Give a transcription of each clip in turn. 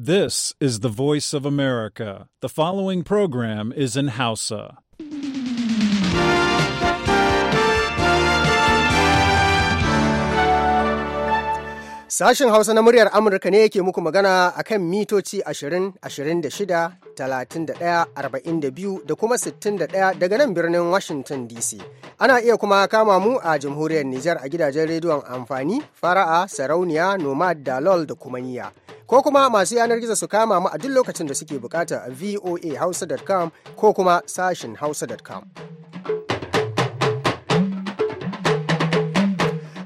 This is the voice of America. The following program is in Hausa. Sashen Hausa na muryar Amurka ne yake muku magana a kan mitoci 20, 26, 31, 42 da kuma 61 daga nan birnin Washington DC. Ana iya kuma kama mu a jamhuriyar Nijar a gidajen rediyon amfani, fara'a, sarauniya, nomad, dalol da kuma niyya. ko kuma masu yanar gizo su kama mu a duk lokacin da suke bukata a voahausa.com ko kuma sashin hausa.com.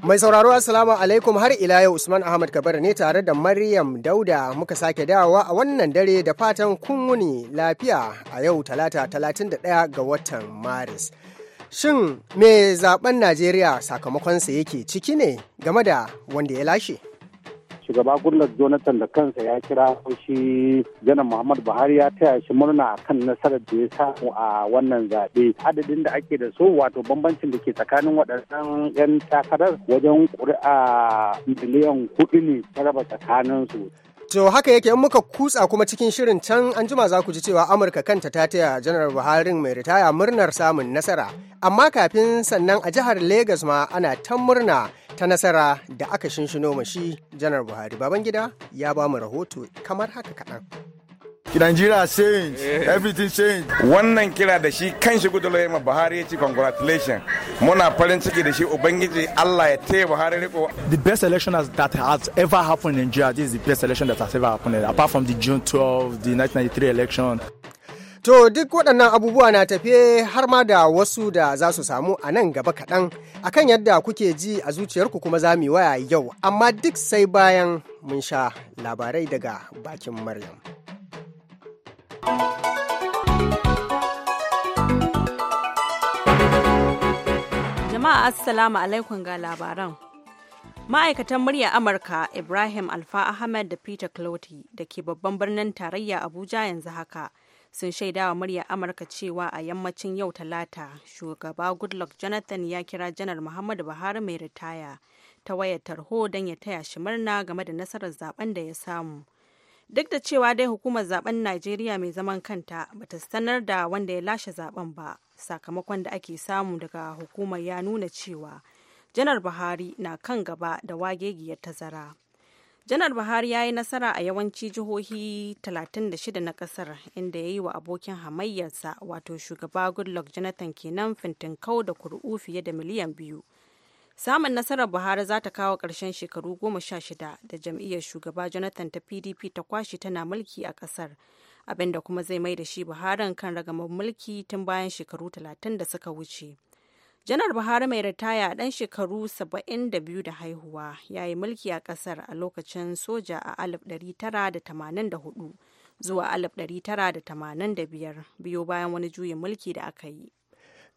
Mai sauraro Assalamu alaikum har ila yau Usman Ahmad Kabar ne tare da Maryam Dauda muka sake dawowa a wannan dare da fatan kun lafiya a yau talata 31 ga watan Maris. Shin me zaben Najeriya sakamakonsa yake ciki ne game da wanda ya lashe? shugaba gullar jonathan da kansa ya kira shi janar muhammad buhari ya taya shi murna kan nasarar da ya samu a wannan zaɓe adadin da ake da so wato bambancin da ke tsakanin waɗannan 'yan takarar wajen ƙuri'a miliyan kuɗi ne ta raba tsakanin su. To haka yake in muka kutsa kuma cikin shirin can an jima za ku ji cewa Amurka kanta ta taya Janar buharin mai ritaya murnar samun nasara. Amma kafin sannan a jihar Legas ma ana ta murna ta nasara da aka shinshino mashi Janar Buhari. Babangida ya ba mu rahoto kamar haka kaɗan. Nigeria change, everything change. Wannan kira da shi kan shi gudu ma Buhari ya ce congratulations. Muna farin ciki da shi Ubangiji Allah ya taya Buhari riko. The best election that has ever happened in Nigeria, this is the best election that has ever happened apart from the June 12, the 1993 election. To duk waɗannan abubuwa na tafiye har ma da wasu da za su samu a nan gaba kaɗan akan yadda kuke ji a zuciyarku kuma za mu waya yau amma duk sai bayan mun sha labarai daga bakin Maryam. Jama'a Assalamu alaikum ga labaran. Ma'aikatan murya Amurka Ibrahim Alfa Ahmed da Peter cloti da ke babban birnin tarayya Abuja yanzu haka sun shaidawa murya Amurka cewa a yammacin yau talata shugaba Goodluck Jonathan ya kira janar Muhammadu Buhari mai ritaya ta wayar tarho don ya taya shi murna game da nasarar zaben da ya samu. duk da cewa dai hukumar zaben najeriya mai zaman kanta bata sanar da wanda ya lashe zaben ba sakamakon da ake samu daga hukumar ya nuna cewa janar buhari na kan gaba da wagegiyar tazara janar buhari ya yi nasara a yawanci jihohi 36 na kasar inda ya yi wa abokin hamayyarsa wato shugaba goodluck jonathan kenan fintin kau da kuri'u fiye da miliyan biyu samun nasarar buhari za ta kawo ƙarshen shekaru goma sha shida da jam'iyyar shugaba jonathan ta pdp ta kwashe tana mulki a ƙasar abinda kuma zai mai da shi buharin kan ragamar mulki tun bayan shekaru talatin da suka wuce janar buhari mai ritaya ɗan shekaru 72 da haihuwa ya yi mulki a ƙasar a lokacin soja a hudu zuwa da biyar biyo bayan wani juyin mulki da aka yi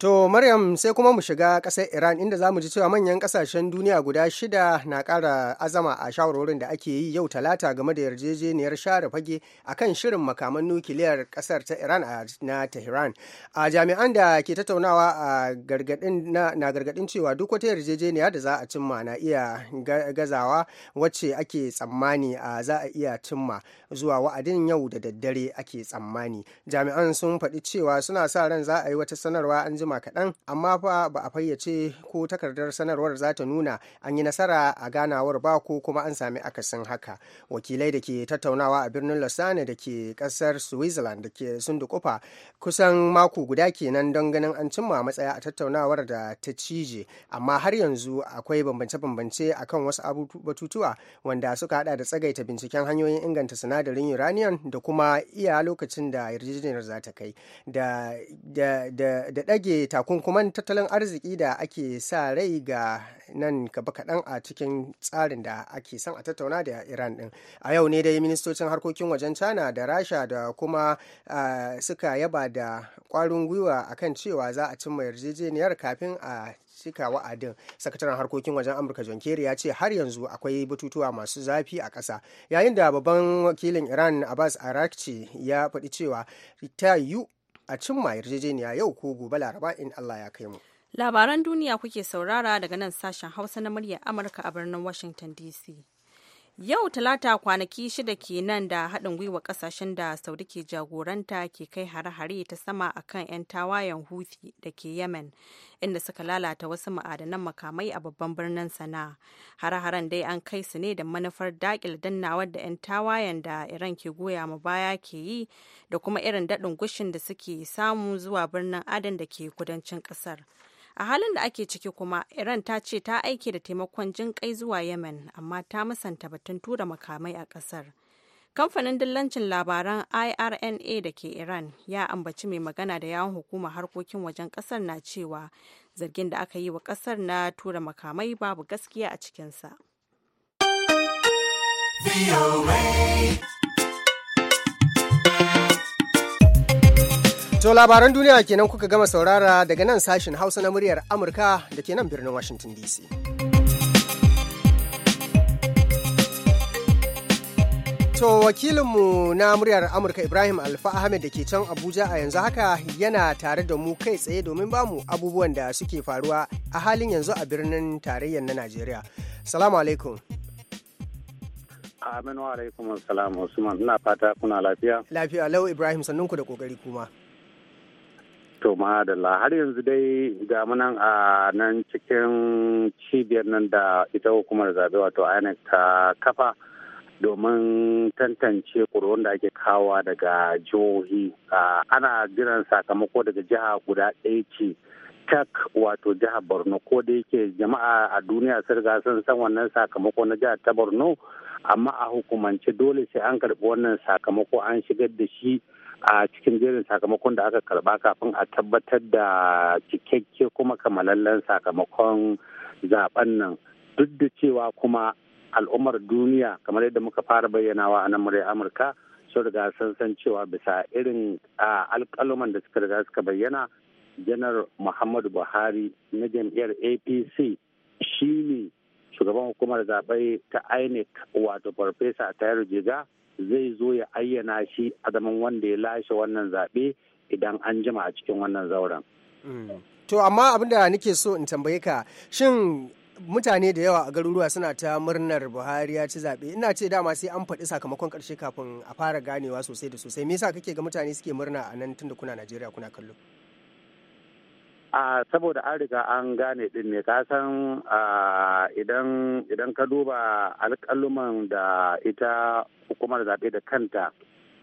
To Maryam sai kuma mu shiga ƙasar Iran inda za mu ji cewa manyan ƙasashen duniya guda shida na ƙara azama a shawarwarin da ake yi yau talata game da yarjejeniyar share fage a kan shirin makaman nukiliyar ƙasar ta Iran a na Tehran. A jami'an da ke tattaunawa a gargadin na, gargaɗin cewa duk wata yarjejeniya da za a cimma na iya gazawa wacce ake tsammani a za a iya cimma zuwa wa'adin yau da daddare ake tsammani. Jami'an sun faɗi cewa suna sa ran za a yi wata sanarwa an jima kaɗan amma fa ba a fayyace ko takardar sanarwar za ta nuna an yi nasara a ganawar ba ko kuma an sami akasin haka wakilai da ke tattaunawa a birnin lausanne da ke kasar switzerland da ke sun dukufa kusan mako guda kenan don ganin an cimma matsaya a tattaunawar da ta cije amma har yanzu akwai bambance-bambance akan wasu batutuwa wanda suka hada da tsagaita binciken hanyoyin inganta sinadarin uranium da kuma iya lokacin da yarjejeniyar za ta kai da ɗage takunkuman tattalin arziki da ake sa rai ga nan gaba kaɗan a cikin tsarin da ake son a tattauna da iran ɗin a yau ne dai ministocin harkokin wajen china da rasha da kuma suka yaba da ƙwarin gwiwa a kan cewa za a cimma yarjejeniyar kafin a cika wa'adin sakataren harkokin wajen amurka john kerry ya ce har yanzu akwai batutuwa masu zafi a ƙasa yayin da babban wakilin iran abbas arakci ya faɗi cewa ta a cimma yarjejeniya yau ko gobe laraba in Allah ya kai mu. Labaran duniya kuke saurara daga nan sashen Hausa na murya Amurka a birnin Washington DC. Yau talata kwanaki shida kenan da haɗin gwiwa ƙasashen da Saudi ke jagoranta ke kai hare-hare ta sama a kan 'yan tawayen Houthi da ke Yemen, inda suka lalata wasu ma'adanan makamai a babban birnin Sana'a. Hare-haren dai an kai su ne da manufar daƙil dannawar da 'yan tawayen da Iran ke goya ma baya ke yi da kuma irin daɗin gushin da suke samu zuwa birnin Adan da ke kudancin ƙasar. a halin da ake ciki kuma iran ta ce ta aike da taimakon jin kai zuwa yemen amma ta musanta batun tura makamai a kasar kamfanin dillancin labaran irna da ke iran ya ambaci mai magana da yawon hukumar harkokin wajen kasar na cewa zargin da aka yi wa kasar na tura makamai babu gaskiya a cikinsa. To labaran duniya kenan kuka gama saurara daga nan sashen Hausa na muryar Amurka da ke nan birnin Washington DC. To wakilinmu na muryar Amurka Ibrahim Alfa Ahmed da ke can Abuja a yanzu haka yana tare da mu kai tsaye domin bamu abubuwan da suke faruwa a halin yanzu a birnin tarayyar na Najeriya. Salamu alaikum. Aminu alaikum salam Usman, ina fata kuna lafiya? Lafiya, lau Ibrahim sannunku da kokari kuma. To madalla har yanzu dai ga a nan cikin cibiyar nan da ita hukumar zaɓe wato INEC ta kafa domin tantance ƙuri'un da ake kawa daga jihohi ana jiran sakamako daga jiha guda ɗaya ce tak wato jihar borno ko da yake jama'a a duniya sun riga sun san wannan sakamako na jihar ta borno amma a hukumance dole sai an karɓi wannan sakamako an shigar da shi a cikin jerin sakamakon da aka karba kafin a tabbatar da cikakke kuma kamalallen sakamakon zaben nan duk da cewa kuma al'ummar duniya kamar yadda muka fara bayyanawa a nan murai amurka sun riga sun san cewa bisa irin alkaloman da suka riga suka bayyana janar muhammadu buhari na jam'iyyar apc shi ne shugaban hukumar zaɓe ta inec wato farfesa tayar jiga zai zo ya ayyana shi a zaman wanda ya lashe wannan zaɓe idan an jima a cikin wannan zauren. Mm. To amma abin da nake so in tambaye ka shin mutane da yawa a garuruwa suna ta murnar Buhari ya ci zaɓe ina ce dama sai an faɗi sakamakon ƙarshe kafin a fara ganewa sosai da sosai me yasa kake ga mutane suke murna a nan tunda kuna Najeriya kuna kallo? a saboda an riga an gane din ne ka san idan ka duba alƙaluman da ita hukumar zaɓe da kanta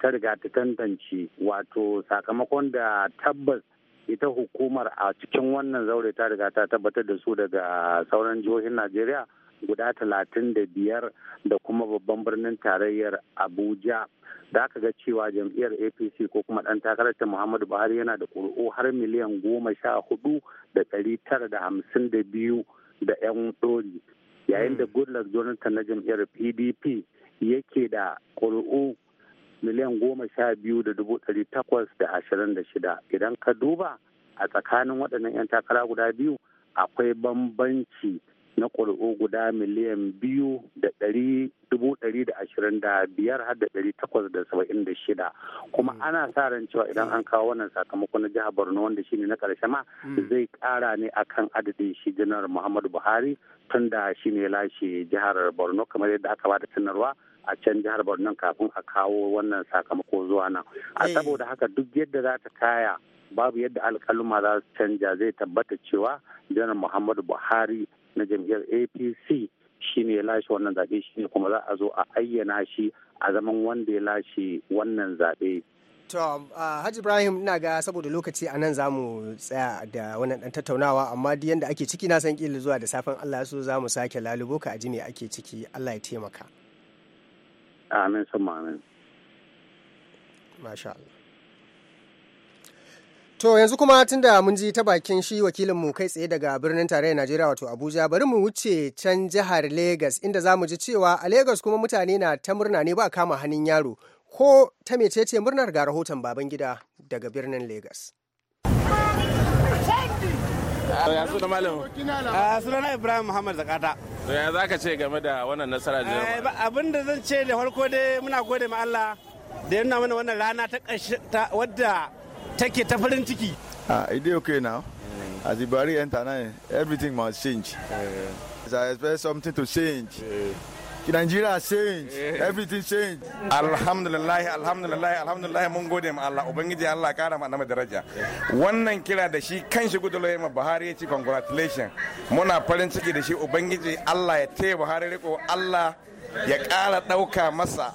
ta riga ta tantance wato sakamakon da tabbas ita hukumar a cikin wannan zaure ta riga ta tabbatar da su daga sauran jihohin najeriya guda talatin da biyar da kuma babban birnin tarayyar abuja da aka ga cewa jam'iyyar apc ko kuma ɗan takararta muhammadu buhari yana da ƙuri'u har miliyan goma sha hudu da ɗari tara da hamsin da biyu da 'yan ɗori yayin da hmm. goodluck jonathan na jam'iyyar pdp yake da ƙuri'u miliyan goma sha biyu da dubu ɗari takwas da ashirin da shida idan ka duba a tsakanin waɗannan 'yan takara guda biyu akwai bambanci na ƙuri'u guda miliyan biyu da ɗari dubu ɗari da ashirin da biyar har da ɗari takwas da saba'in da shida kuma mm. ana sa ran cewa idan an kawo wannan sakamako na jihar borno wanda shine na ƙarshe ma mm. zai ƙara ne akan adadin shi janar muhammadu buhari tun da shi ne lashe jihar borno kamar yadda aka bada sanarwa a can jihar borno kafin a kawo wannan sakamako zuwa nan a eh. saboda haka duk yadda za ta kaya babu yadda alƙaluma za su canja zai tabbata cewa janar muhammadu buhari na jam'iyyar apc ne ya lashe wannan zaɓe shi ne kuma za a zo a ayyana shi a zaman wanda ya lashe wannan zaɓe To, uh, Hajji Ibrahim ina ga saboda lokaci a nan zamu tsaya da wannan ɗan tattaunawa amma duk yanda ake ciki na san kila zuwa da safen Allah so mu sake lalubo ka aji ake ciki Allah ya taimaka. Amin sama amin. Masha Allah. To yanzu kuma tun da mun ji ta bakin shi wakilin mu kai tsaye daga birnin tarayyar Najeriya wato Abuja bari mu wuce can jihar Legas inda za mu ji cewa a Legas kuma mutane na ta murna ne ba kama hannun yaro ko ta mecece murnar ga rahoton baban gida daga birnin Legas. Ah, sunana ibrahim muhammad zakata to ya za ka ce game da wannan nasara da eh, abin da zan ce da farko dai muna gode ma allah da ya nuna mana wannan rana ta wadda take ta farin ciki ah it dey okay now mm. as bari enter now everything must change yeah. so i expect something to change yeah. Nigeria change, everything change. Alhamdulillah, alhamdulillah, alhamdulillah mun gode ma Allah, Ubangiji Allah kara mana daraja. Wannan kira da shi kan shi gudu ma Buhari ya ci congratulation. Muna farin ciki da shi Ubangiji Allah ya taya Buhari riko Allah ya ƙara ɗauka masa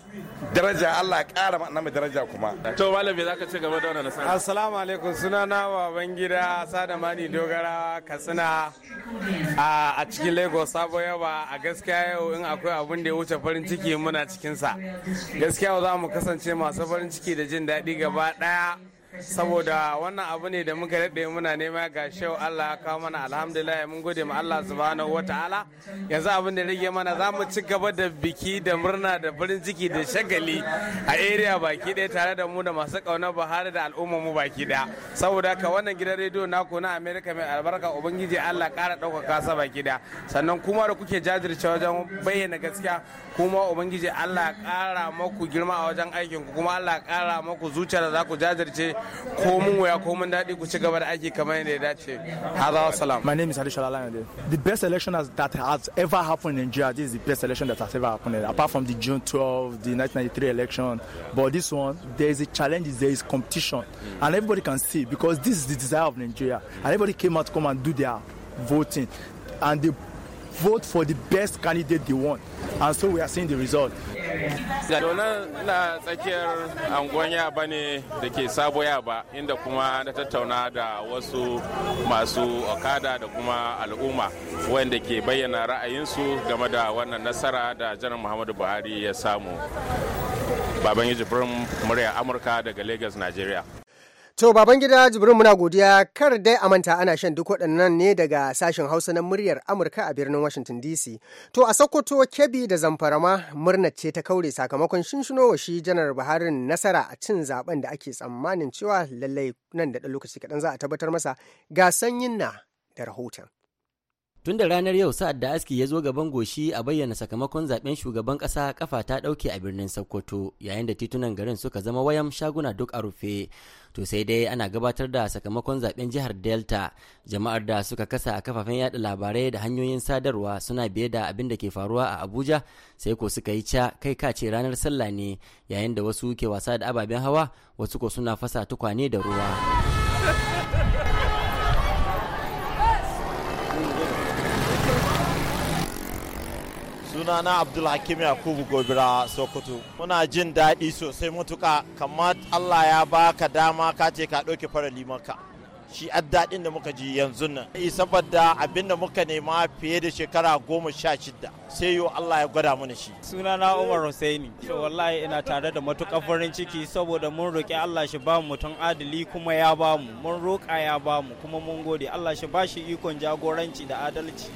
daraja Allah ya ƙara ma mai daraja kuma. To malam zaka ce gaba da wannan nasara? Assalamu alaikum sunana baban gida Sada Mani Dogara Katsina a cikin Lagos Sabo Yaba a gaskiya yau in akwai abin da ya wuce farin ciki muna cikin sa. Gaskiya za mu kasance masu farin ciki da jin daɗi gaba ɗaya. saboda wannan abu ne da muka daɗe muna nema ga shau Allah ya kawo mana alhamdulillah mun gode ma Allah subhanahu wataala yanzu abin da rage mana za mu ci gaba da biki da murna da farin ciki da shagali a area baki ɗaya tare da mu da masu kauna Buhari da al'ummar mu baki ɗaya saboda ka wannan gidan rediyo naku na America mai albarka ubangiji Allah ƙara ɗaukaka sa baki ɗaya sannan kuma da kuke jajirce wajen bayyana gaskiya kuma ubangiji Allah ƙara maku girma a wajen aikin ku kuma Allah ƙara maku zuciya da za ku jajirce waya daɗi ku ci gaba da aiki kamar yadda ya dace hada my name is Alisha Lalande the best election that has ever happened in Nigeria this is the best election that has ever happened apart from the June 12 the 1993 election but this one there is a challenge there is competition and everybody can see because this is the desire of Nigeria and everybody came out to come and do their voting and they vote for the best candidate they want and so we are seeing the result Donan na tsakiyar angon ba ne da ke sabo ba inda kuma na tattauna da wasu masu okada da kuma al'umma wanda ke bayyana ra'ayinsu game da wannan nasara da janar Muhammadu Buhari ya samu. Baban Yajibirin murya Amurka daga Lagos, Nigeria. To baban gida Jibrin muna godiya kar dai a manta ana shan duk waɗannan ne daga sashen Hausa na muryar Amurka a birnin Washington DC. To a Sokoto Kebbi da Zamfarama murnar ce ta kaure sakamakon shinshinowa shi janar Buharin nasara a cin zaben da ake tsammanin cewa lallai nan da ɗan lokaci kaɗan za a tabbatar masa ga sanyin na da rahoton. tun da ranar yau sa'ad da aski ya zo gaban goshi a bayyana sakamakon zaben shugaban kasa kafa ta dauke a birnin sokoto yayin da titunan garin suka zama wayan shaguna duk a rufe to sai dai ana gabatar da sakamakon zaben jihar delta jama'ar da suka kasa a kafafen yada labarai da hanyoyin sadarwa suna biye da abin da ke faruwa a abuja sai ko suka yi ca kai ka ce ranar sallah ne yayin da wasu ke wasa da ababen hawa wasu ko suna fasa tukwane da ruwa suna sunana abdulhakim yakubu gobira sokoto muna jin daɗi sosai matuka kamar allah ya baka dama ka ce ka ɗauke fara limanka shi daɗin da muka ji yanzu nan eh, saboda abin da muka nema fiye da shekara goma sha shida sai yo Allah ya gwada mana shi sunana Umar Hussaini to wallahi ina tare da matukar farin ciki saboda mun roƙi Allah shi ba mu mutum adali kuma ya ba mu mun roƙa ya ba mu kuma mun gode Allah shi ba shi ikon jagoranci da adalci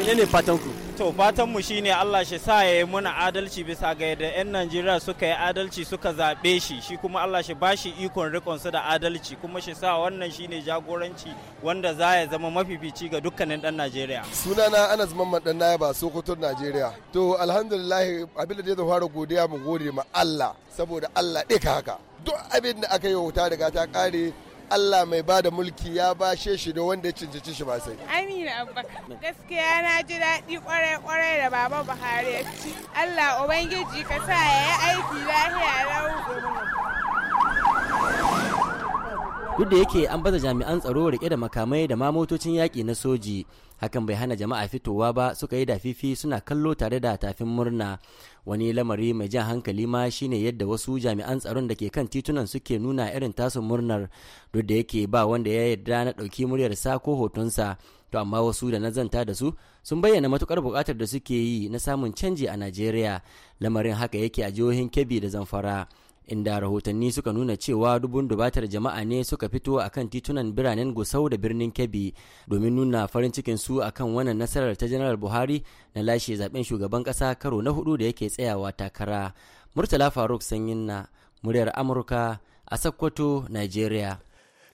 menene fatan ku to fatan mu shine Allah shi sa ya yi muna adalci bisa ga yadda yan Najeriya suka yi adalci suka zabe shi shi kuma Allah shi bashi ikon rikon su da adalci kuma shi sa wannan shine jagoranci wanda za ya zama mafifici ga dukkanin dan Najeriya sunana Anas Mamman dan Nayaba Sokoto Najeriya to alhamdulillah abin da zai fara godiya mu gode ma Allah saboda Allah ɗaya haka duk abin da aka yi wuta daga ta kare Allah mai ba da mulki ya bashe shi da wanda ya cancanci shi ba sai. Amina Abubakar. Gaskiya na ji daɗi ƙwarai-ƙwarai da Baba Buhari ya ci. Allah Ubangiji ka sa ya yi aiki lafiya lau. Duk da yake an baza jami'an tsaro rike da makamai da ma motocin yaƙi na soji, hakan bai hana jama'a fitowa ba suka yi fifi suna kallo tare da tafin murna. wani lamari mai jan hankali ma shine yadda wasu jami'an tsaron da ke kan titunan suke nuna irin tasu murnar duk da yake ba wanda ya yarda na ɗauki sa ko hotonsa to amma wasu da na zanta da su sun bayyana matukar buƙatar da suke yi na samun canji a najeriya lamarin haka yake a jihohin kebbi da zamfara inda rahotanni suka nuna cewa dubun dubatar jama'a ne suka fito akan titunan biranen gusau da birnin kebbi domin nuna farin cikin su akan wannan nasarar ta janar buhari na lashe zaben shugaban kasa karo na hudu da yake tsayawa takara murtala faruk sanyin na muryar amurka a sakkwato nigeria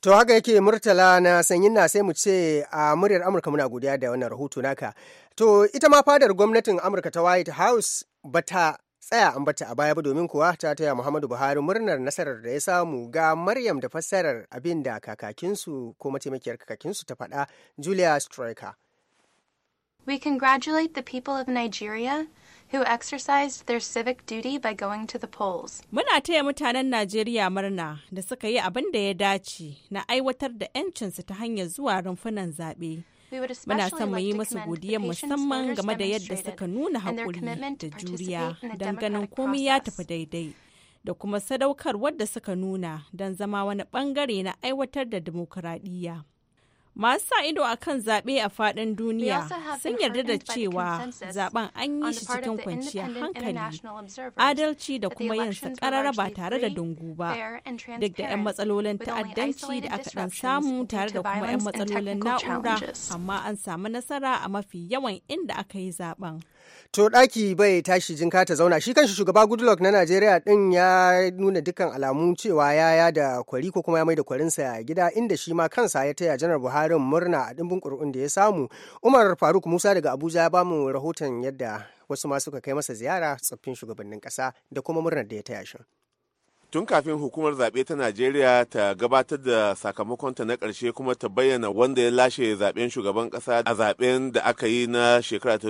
To haka yake murtala na sanyin na sai mu ce a muryar Amurka muna godiya da wannan rahoto naka. To ita ma fadar gwamnatin Amurka ta White House bata tsaya ambata a baya ba domin kuwa ta taya Muhammadu Buhari murnar nasarar da ya samu ga Maryam da fassarar abin da kakakinsu ko mataimakiyar kakakinsu ta faɗa Julia Striker. We congratulate the people of Nigeria who exercised their civic duty by going to the polls. Muna taya mutanen Najeriya murna da suka yi abin da ya dace na aiwatar da 'yancinsu ta hanyar zuwa rumfunan zaɓe. Muna son mu yi musu godiya musamman game da yadda suka nuna haƙuri da juriya don ganin komai ya tafi daidai. Da kuma sadaukar wadda suka nuna don zama wani ɓangare na aiwatar da dimokuraɗiyya. Masu sa ido a kan zaɓe a faɗin duniya sun yarda da cewa zaɓen an yi shi cikin kwanciya hankali, adalci da kuma yin sa ba tare da dungu ba, duk da 'yan matsalolin ta'addanci da aka ɗan samu tare da kuma 'yan matsalolin na'ura, amma an samu nasara a mafi yawan inda aka yi zaɓen. To ɗaki bai tashi jinka ta zauna shi kanshi shugaba Goodluck na Najeriya ɗin ya nuna dukkan alamu cewa ya ya da kwari ko kuma ya maida da a gida inda shi ma kansa ya taya janar Buhari murna a ɗimbin ƙuri'un da ya samu. Umar Faruk Musa daga Abuja ya bamu rahoton yadda wasu ma suka kai masa ziyara tsoffin shugabannin ƙasa da kuma murnar da ya taya shi. tun kafin hukumar zaɓe ta najeriya ta gabatar da sakamakonta na ƙarshe kuma ta bayyana wanda ya lashe zaɓen shugaban ƙasa a zaɓen da aka yi na shekara ta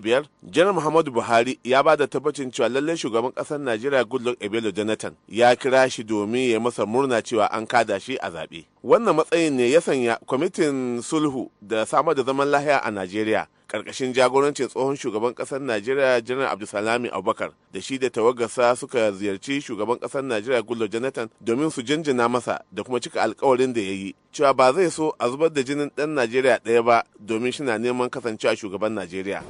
biyar janar muhammadu buhari ya ba da tabbacin cewa lallai shugaban ƙasar najeriya goodluck ebelo jonathan ya kira shi domin ya masa murna cewa an kada shi a zaɓe wannan matsayin ne ya sanya kwamitin sulhu da samar da zaman lahiya a najeriya karkashin jagorancin tsohon shugaban kasar najeriya janar abdulsalami abubakar da shi da tawagarsa suka ziyarci shugaban kasar najeriya gullo jonathan domin su jinjina masa da kuma cika alkawarin da ya yi cewa ba zai so a zubar da jinin dan najeriya ɗaya ba domin shi na neman kasancewa shugaban najeriya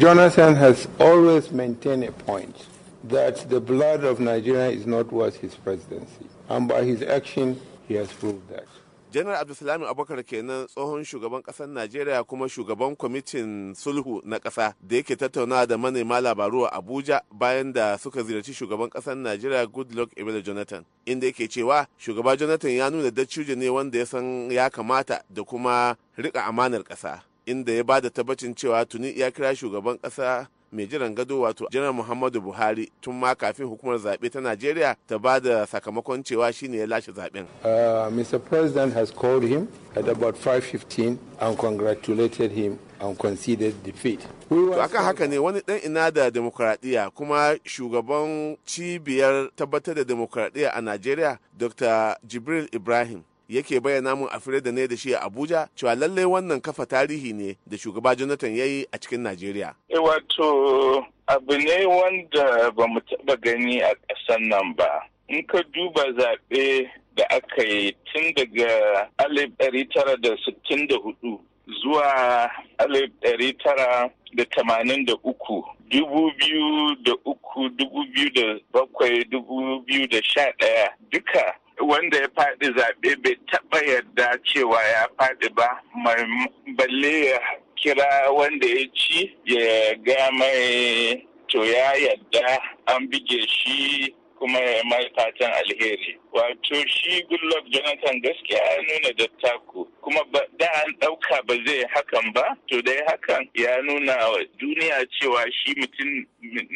jonathan has always maintained a point that the blood of nigeria is not worth his presidency and by his action he has proved that janar abdulsalami abubakar kenan tsohon shugaban kasar najeriya kuma shugaban kwamitin sulhu na kasa da yake tattaunawa da manema labaru a abuja bayan da suka ziyarci shugaban kasar najeriya goodluck ebele jonathan inda yake cewa shugaba jonathan ya nuna dattijo ne wanda ya san ya kamata da kuma rika amanar kasa inda ya ba da tabbacin cewa tuni ya kira shugaban kasa mai jiran gado wato janar muhammadu buhari tun ma kafin hukumar zaɓe ta najeriya ta ba da sakamakon cewa shine ya lashe zaɓen uh, mr president has called him at about 5.15 and congratulated him and conceded defeat. To aka haka ne wani ɗan ina da demokuraɗiyya kuma shugaban cibiyar tabbatar da demokuraɗiyya a Najeriya Dr. Jibril Ibrahim yake bayyana mun a da ne da shi a abuja cewa lallai wannan kafa tarihi ne da shugaba jonathan ya yi a cikin najeriya eh, wato abu ne wanda ba mu taɓa gani a ƙasan nan ba in ka duba zaɓe da aka yi tun daga 1964 zuwa 1983 da sha ɗaya duka wanda ya faɗi zaɓe bai taɓa yadda cewa ya faɗi ba mai balle ya kira wanda ya ci ya ga mai to ya yadda an bige shi kuma ya mai fatan alheri wato shi goodluck jonathan gaskiya ya nuna dattako kuma da an dauka ba zai hakan ba to dai hakan ya nuna wa duniya cewa shi mutum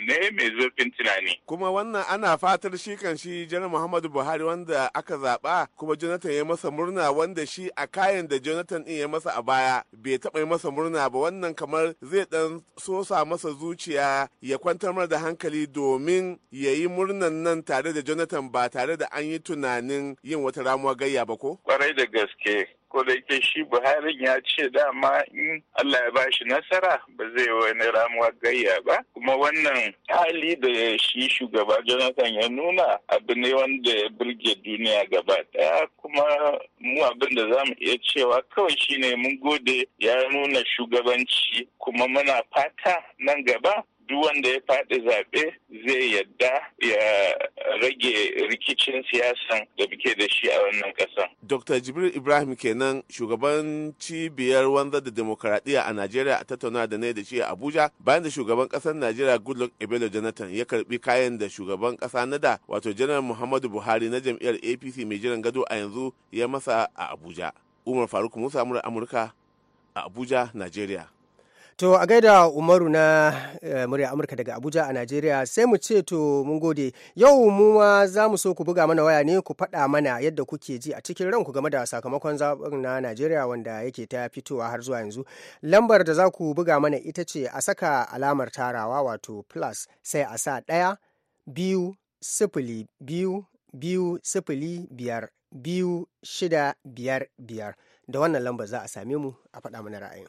ne mai zurfin tunani kuma wannan ana fatar shi kan shi janar muhammadu buhari wanda aka zaɓa kuma jonathan ya masa murna wanda shi a kayan da jonathan ɗin ya masa a baya bai taba yi masa murna ba wannan kamar zai ɗan sosa masa zuciya ya kwantar da hankali domin ya yi murnan nan tare da jonathan ba tare da an yi tunanin yin wata ramuwa gayya ba ko? Kwarai da gaske. Ko da yake shi Buhari ya ce dama in Allah ya ba shi nasara ba zai wani ramuwa gayya ba. Kuma wannan hali da shi shugaba Jonathan ya nuna abu ne wanda ya burge duniya gaba daya kuma mu abin da zamu iya cewa kawai shine mun gode ya nuna shugabanci kuma muna fata nan gaba duk wanda ya faɗi zaɓe zai yadda ya rage rikicin siyasan da muke da shi a wannan ƙasa. Dr. Jibril Ibrahim kenan shugaban cibiyar wanzar da demokaradiyya a Najeriya a tattauna da ne da shi a Abuja bayan da shugaban ƙasar Najeriya Goodluck Ebelo Jonathan ya karbi kayan da shugaban ƙasa na da wato Janar Muhammadu Buhari na jam'iyyar APC mai jiran gado a yanzu ya masa a Abuja. Umar Faruk Musa Amurka a Abuja, Najeriya. To a gaida Umaru na eh, murya Amurka daga Abuja a Najeriya sai mu ce to mun gode yau mu ma za mu so ku buga mana waya ne ku faɗa mana yadda kuke ji a cikin ranku game da sakamakon zaɓen na Najeriya wanda yake ta fitowa har zuwa yanzu. Lambar da za ku buga mana ita ce a saka alamar tarawa wato plus sai a sa ɗaya biyu sifili biyu biyu sifili biyar biyu shida biyar biyar da wannan lambar za a same mu a faɗa mana ra'ayin.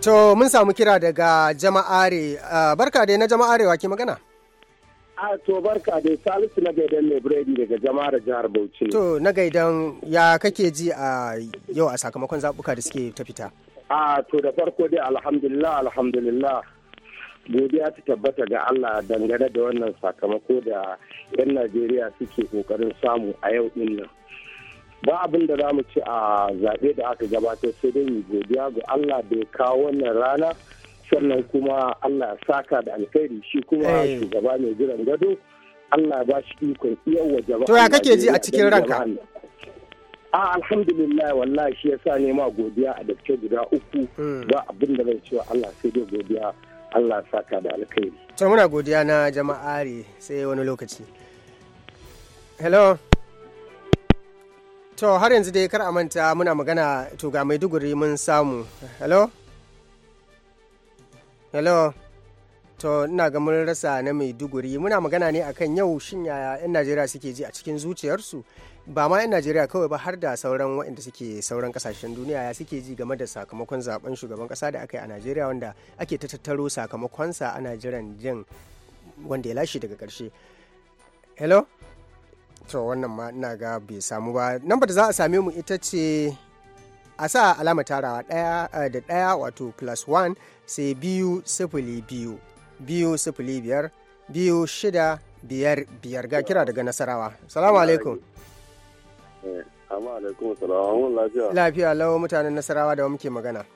To mun samu kira daga jama'are ah, barka dai na jama'are wa ke magana? A to barka dai Salisu na gaidan ne biredi daga jama'ar jihar Bauchi. To na gaidan ya kake ji a yau a sakamakon zabuka da suke ta fita? A to da farko dai alhamdulillah alhamdulillah godiya ta tabbata ga Allah dangane da wannan sakamako da 'yan Najeriya suke kokarin samu a yau din nan. ba abin da za mu ci a zaɓe da aka gabatar sai dai mu godiya ga Allah da ya kawo wannan rana sannan kuma Allah ya saka da alkhairi shi kuma eh. shugaba mai jiran gado Allah ba shi ikon wa jama'a. To ya kake ji a cikin ranka? a alhamdulillah wallahi shi yasa ne ma godiya a dafke guda uku hmm. ba abin da zai cewa Allah sai dai godiya Allah ya saka da alkhairi. To muna godiya na jama'a sai wani lokaci. Hello. To har yanzu dai kar a manta muna magana to ga Maiduguri mun samu. Hello? Hello? To ina ga mun rasa na Maiduguri muna magana ne akan yau shin yaya 'yan Najeriya suke ji a cikin zuciyarsu ba ma 'yan Najeriya kawai ba har da sauran waɗanda suke sauran kasashen duniya ya suke ji game da sakamakon zaben shugaban ƙasa da aka yi a Najeriya wanda ake ta tattaro sakamakonsa ana jiran jin wanda ya lashe daga ƙarshe. Hello? to wannan ma ina ga bai samu ba nan da za a same mu ita ce a sa alama tarawa ɗaya eh, da ɗaya wato plus one sai biyu sifili biyu biyu sifili biyar biyu shida biyar biyar ga kira daga nasarawa salamu alaikum eh, amma alaikum salamu lafiya lafiya lau mutanen nasarawa da muke magana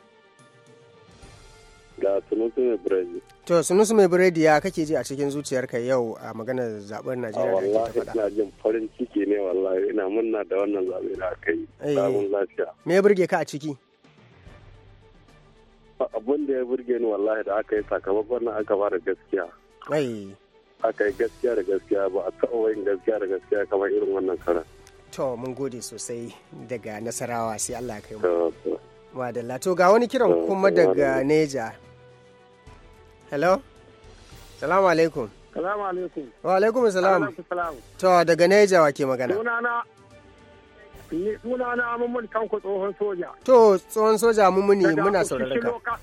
da sunusu mai buredi. To sunusu mai buredi ya kake ji a cikin zuciyarka yau a maganar zaben Najeriya da ake faɗa. Ina jin farin ciki ne wallahi ina murna da wannan zaɓe da aka yi. Eh. Samun lafiya. Me ya burge ka a ciki? Abin da ya burge ni wallahi da aka yi sakamakon nan aka fara gaskiya. Ai. Aka yi gaskiya da gaskiya ba a taɓa yin gaskiya da gaskiya kamar irin wannan karan. To mun gode sosai daga Nasarawa sai Allah ya kai mu. Madalla to ga wani kiran kuma daga Neja hello salamu alaikum salamu alaikum wa alaikum salam to daga neja wa ke magana suna na mummun tanko tsohon soja to tsohon soja mummuni muna sauraron ka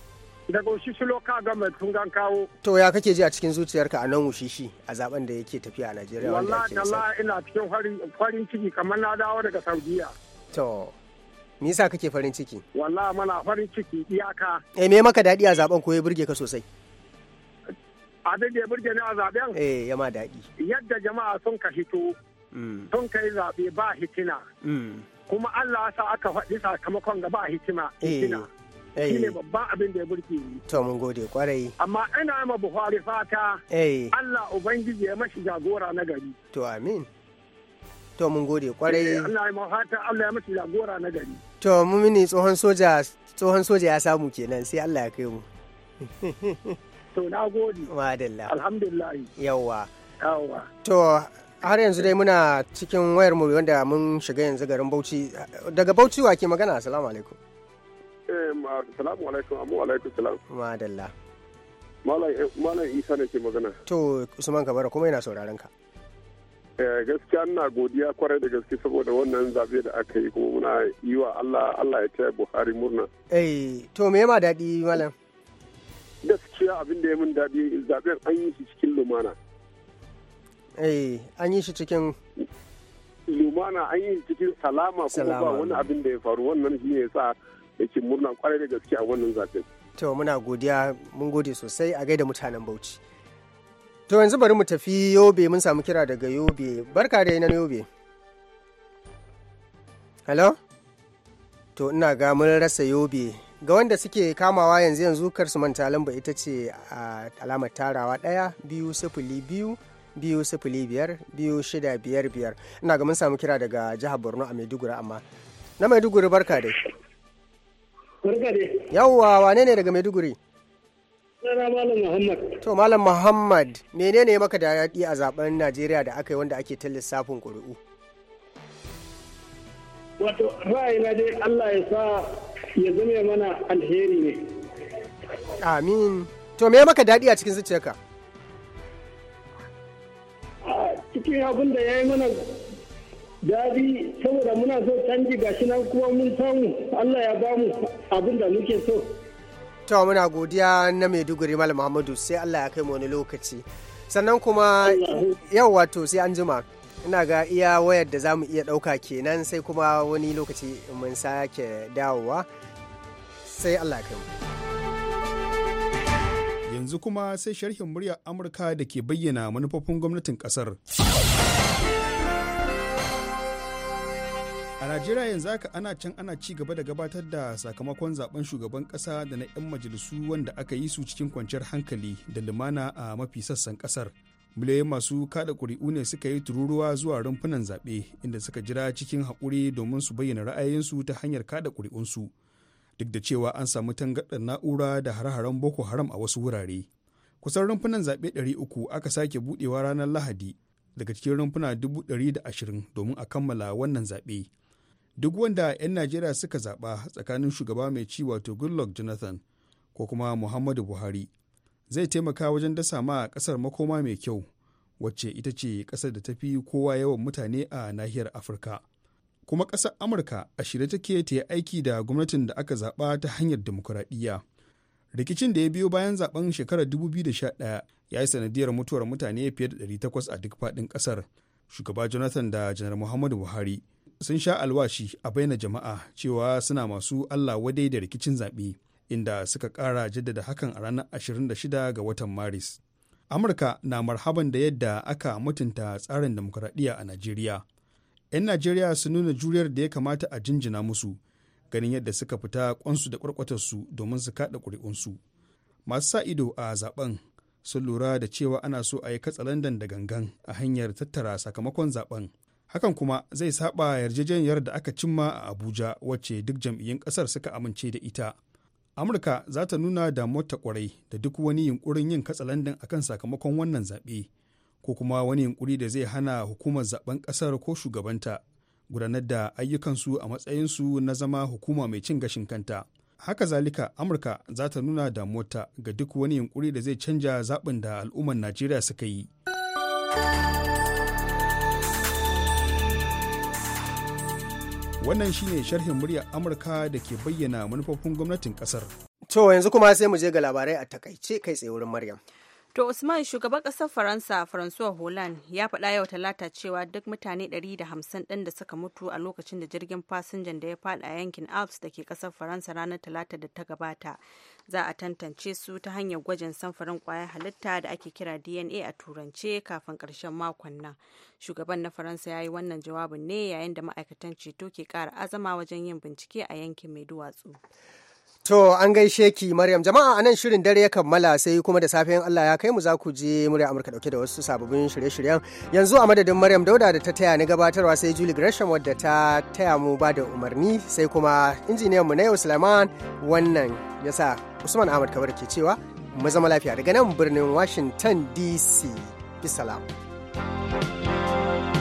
daga ushishi loka ga mai tungan kawo to ya kake ji a cikin zuciyarka a nan ushishi a zaben da yake tafiya a Najeriya wanda ake wallahi ina cikin farin ciki kamar na dawo daga Saudiya to me yasa kake farin ciki wallahi muna farin ciki iyaka eh me maka dadi a zaben ko ya burge ka sosai abin da ya burge ni a zaben eh yama daɗi yadda jama'a sun ka hito mm. sun kai zaɓe ba hitina mm. kuma Allah sa aka faɗi sakamakon ga ba eh. hitina hitina eh. shi ne babban abin da ya burge ni to mun gode kwarai amma ina ma Buhari fata eh. Allah ubangiji ya mashi jagora na gari to amin to mun gode kwarai Allah ya fata Allah ya mashi jagora na gari to mini tsohon soja tsohon soja ya samu kenan sai Allah ya kai mu to na gode madalla alhamdulillah yawa yawa to har yanzu dai muna cikin wayar mu wanda mun shiga yanzu garin Bauchi daga Bauchi wa ke magana assalamu alaikum eh assalamu alaikum amu alaikum salam madalla eh, malam isa ne ke magana to usman kabara kuma yana sauraron ka eh, gaskiya ina godiya kwarai da gaske saboda wannan zabe da aka yi kuma muna yi wa Allah Allah ya taya Buhari murna eh to me ma daɗi malam gaskiya abin da ya min daɗi zaɓen an yi shi cikin lumana. Eh, an yi shi cikin lumana an yi cikin salama kuma ba wani abin da ya faru wannan shi ne sa yake murna kwarai da gaske a wannan zaɓen. To muna godiya mun gode sosai a gaida mutanen Bauchi. To yanzu bari mu tafi Yobe mun samu kira daga Yobe. Barka da na Yobe. Hello? To ina ga mun rasa Yobe ga wanda suke kamawa yanzu yanzu kar su manta lamba ita ce alamar tarawa ɗaya biyu sifili biyu biyu sifili biyar biyu shida biyar biyar ina ga mun samu kira daga jihar borno a maiduguri amma na maiduguri barka dai barka dai yawwa wane ne daga maiduguri Sana Malam Muhammad. To Malam Muhammad, menene maka da ya a zaben Najeriya da aka yi wanda ake lissafin ƙuri'u? Wato na dai Allah ya sa ya zama mana alheri ne amin to me maka daɗi a cikin zuciyarka cikin abin da ya yi mana daɗi saboda muna so canji gashi nan kuma mun samu Allah ya bamu abin da muke so to muna godiya na maiduguri malam muhammadu sai Allah ya kai mu wani lokaci sannan kuma yau wato sai an jima ina ga iya wayar da za mu iya ɗauka kenan sai kuma wani lokaci mun sake dawowa sai Allah ya kai Yanzu kuma sai sharhin muryar Amurka da ke bayyana manufofin gwamnatin kasar. A Najeriya yanzu haka ana can ana ci gaba da gabatar da sakamakon zaben shugaban kasa da na 'yan majalisu wanda aka yi su cikin kwanciyar hankali da lumana a mafi sassan kasar. Miliyoyin masu kada kuri'u ne suka yi tururuwa zuwa rumfunan zaɓe inda suka jira cikin haƙuri domin su bayyana ra'ayinsu ta hanyar kada ƙuri'unsu. duk da cewa an samu tangaɗar na'ura da hare-haren boko haram a wasu wurare kusan rumfunan zaɓe 300 aka sake buɗewa ranar lahadi daga cikin rumfuna 120 domin a kammala wannan zaɓe duk wanda 'yan najeriya suka zaɓa tsakanin shugaba mai ci wato goodluck jonathan ko kuma muhammadu buhari zai taimaka wajen dasa ma ƙasar makoma mai kyau wacce ita ce ƙasar da ta fi kowa yawan mutane a nahiyar afirka kuma ƙasar amurka a shirye take ta yi aiki da gwamnatin da aka zaɓa ta hanyar demokuraɗiyya rikicin da ya biyo bayan zaben shekarar ɗaya, ya yi sanadiyar mutuwar mutane fiye da ɗari 800 a duk faɗin ƙasar shugaba jonathan da janar muhammadu buhari sun sha alwashi a baina jama'a cewa suna masu allah wadai da rikicin zaɓe inda suka ƙara jaddada hakan a ranar 26 ga watan maris amurka na marhaban da yadda aka mutunta tsarin demokuraɗiyya a najeriya 'yan najeriya su nuna juriyar da ya kamata a jinjina musu ganin yadda suka fita kwansu da kwarkwatarsu domin su kaɗa ƙuri'unsu masu sa ido a zaben sun lura da cewa ana so a yi katsalandan da gangan a hanyar tattara sakamakon zaben hakan kuma zai saba yarjejeniyar da aka cimma a abuja wacce duk jam'iyyun ƙasar suka amince da ita amurka za ta nuna ta kwarai da duk wani yunkurin yin katsalandan akan sakamakon wannan zaɓe ko kuma wani yunkuri da zai hana hukumar zaben kasar ko shugabanta gudanar da ayyukansu a matsayinsu na zama hukuma mai cin gashin kanta haka zalika amurka za ta nuna damuwarta ga duk wani yunkuri da zai canja zaɓin da al'ummar najeriya suka yi wannan shine sharhin muryar amurka da ke bayyana manufofin gwamnatin kasar to yanzu kuma sai mu je ga labarai a takaice kai tsaye wurin maryam To Usman shugaban ƙasar Faransa François Hollande ya faɗa yau talata cewa duk mutane 150 ɗin da suka mutu a lokacin da jirgin fasinjan da ya faɗa a yankin Alps da ke ƙasar Faransa ranar talata da ta gabata za a tantance su ta hanyar gwajin samfurin ƙwayar halitta da ake kira DNA a turance kafin ƙarshen makon nan. Shugaban na Faransa ya yi wannan jawabin ne yayin da ma'aikatan ceto ke ƙara azama wajen yin bincike a yankin mai duwatsu. To an gaishe ki Maryam jama'a anan shirin dare ya kammala sai kuma da safiyan Allah ya kai mu za ku je murya Amurka dauke da wasu sababbin shirye-shiryen yanzu a madadin Maryam Dauda da ta taya ni gabatarwa sai Julie Gresham wadda ta taya mu ba da umarni sai kuma injiniyan mu na yau Sulaiman wannan yasa Usman Ahmad Kabar ke cewa mu zama lafiya daga nan birnin Washington DC. Bisalam. Salam.